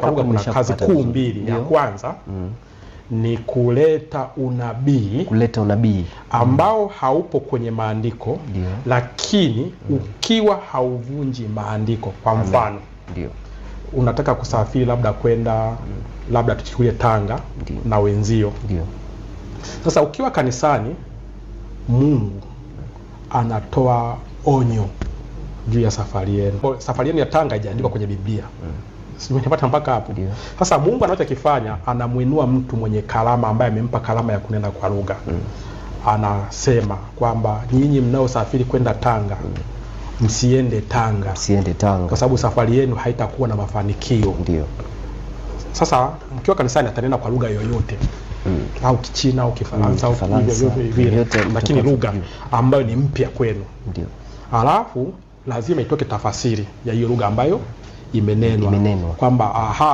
Kuna kazi kuu mbili. Ya kwanza mm. ni kuleta unabii, kuleta unabii ambao haupo kwenye maandiko Dio. lakini mm. ukiwa hauvunji maandiko. Kwa mfano Dio. unataka kusafiri labda kwenda mm. labda tuchukulie Tanga Dio. na wenzio Dio. Sasa ukiwa kanisani, Mungu anatoa onyo juu ya safari yenu. Safari yenu ya Tanga haijaandikwa kwenye Biblia mm. Simenipata mpaka hapo. Sasa Mungu anachokifanya anamwinua mtu mwenye kalama ambaye amempa kalama ya kunena kwa lugha mm. Anasema kwamba nyinyi mnaosafiri kwenda Tanga mm. Msiende Tanga, msiende Tanga kwa sababu safari yenu haitakuwa na mafanikio. Ndio. Sasa mkiwa kanisani atanena kwa lugha yoyote mm. au Kichina au Kifaransa mm, au vile, lakini lugha ambayo ni mpya kwenu. Ndio. Alafu lazima itoke tafasiri ya hiyo lugha ambayo imenenwa, imenenwa. kwamba aha